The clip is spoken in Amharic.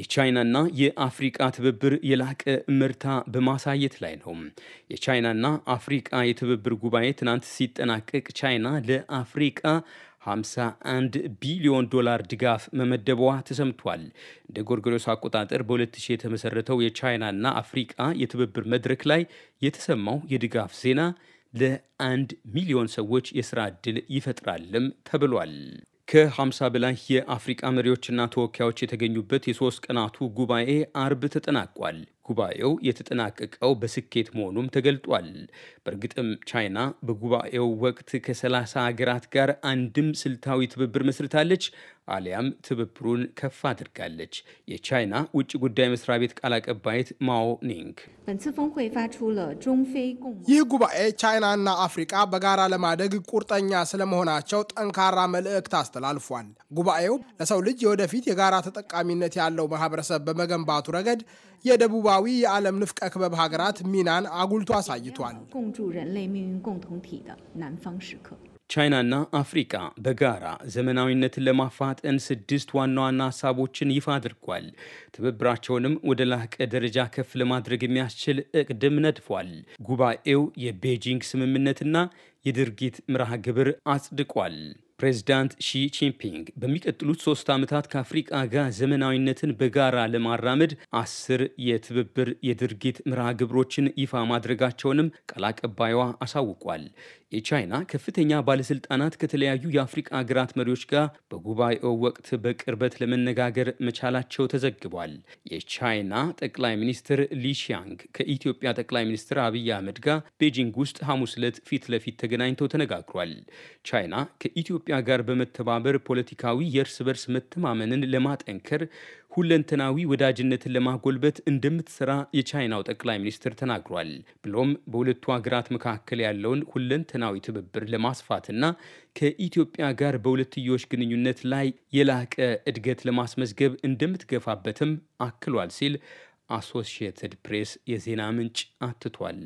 የቻይናና የአፍሪቃ ትብብር የላቀ ምርታ በማሳየት ላይ ነው። የቻይናና አፍሪቃ የትብብር ጉባኤ ትናንት ሲጠናቀቅ ቻይና ለአፍሪቃ 51 ቢሊዮን ዶላር ድጋፍ መመደቧ ተሰምቷል። እንደ ጎርጎሮስ አቆጣጠር በ2000 የተመሰረተው የቻይናና አፍሪቃ የትብብር መድረክ ላይ የተሰማው የድጋፍ ዜና ለአንድ ሚሊዮን ሰዎች የስራ ዕድል ይፈጥራልም ተብሏል። ከ50 በላይ የአፍሪቃ መሪዎችና ተወካዮች የተገኙበት የሶስት ቀናቱ ጉባኤ አርብ ተጠናቋል። ጉባኤው የተጠናቀቀው በስኬት መሆኑም ተገልጧል። በእርግጥም ቻይና በጉባኤው ወቅት ከ30 ሀገራት ጋር አንድም ስልታዊ ትብብር መስርታለች አሊያም ትብብሩን ከፍ አድርጋለች። የቻይና ውጭ ጉዳይ መስሪያ ቤት ቃል አቀባይት ማኦ ኒንግ ይህ ጉባኤ ቻይናና አፍሪቃ በጋራ ለማደግ ቁርጠኛ ስለመሆናቸው ጠንካራ መልእክት አስተላልፏል። ጉባኤው ለሰው ልጅ የወደፊት የጋራ ተጠቃሚነት ያለው ማህበረሰብ በመገንባቱ ረገድ የደቡብ ሉዓላዊ የዓለም ንፍቀ ክበብ ሀገራት ሚናን አጉልቶ አሳይቷል። ቻይናና አፍሪካ በጋራ ዘመናዊነትን ለማፋጠን ስድስት ዋና ዋና ሀሳቦችን ይፋ አድርጓል። ትብብራቸውንም ወደ ላቀ ደረጃ ከፍ ለማድረግ የሚያስችል እቅድም ነድፏል። ጉባኤው የቤጂንግ ስምምነትና የድርጊት ምርሃ ግብር አጽድቋል። ፕሬዚዳንት ሺ ጂንፒንግ በሚቀጥሉት ሶስት ዓመታት ከአፍሪቃ ጋር ዘመናዊነትን በጋራ ለማራመድ አስር የትብብር የድርጊት ምርሃ ግብሮችን ይፋ ማድረጋቸውንም ቃል አቀባይዋ አሳውቋል። የቻይና ከፍተኛ ባለስልጣናት ከተለያዩ የአፍሪቃ ሀገራት መሪዎች ጋር በጉባኤው ወቅት በቅርበት ለመነጋገር መቻላቸው ተዘግቧል። የቻይና ጠቅላይ ሚኒስትር ሊሺያንግ ከኢትዮጵያ ጠቅላይ ሚኒስትር አብይ አህመድ ጋር ቤጂንግ ውስጥ ሐሙስ ዕለት ፊት ለፊት ተገናኝተው ተነጋግሯል። ቻይና ከኢትዮጵያ ጋር በመተባበር ፖለቲካዊ የእርስ በርስ መተማመንን ለማጠንከር ሁለንተናዊ ወዳጅነትን ለማጎልበት እንደምትሰራ የቻይናው ጠቅላይ ሚኒስትር ተናግሯል። ብሎም በሁለቱ ሀገራት መካከል ያለውን ሁለንተናዊ ትብብር ለማስፋትና ከኢትዮጵያ ጋር በሁለትዮሽ ግንኙነት ላይ የላቀ እድገት ለማስመዝገብ እንደምትገፋበትም አክሏል ሲል አሶሺየትድ ፕሬስ የዜና ምንጭ አትቷል።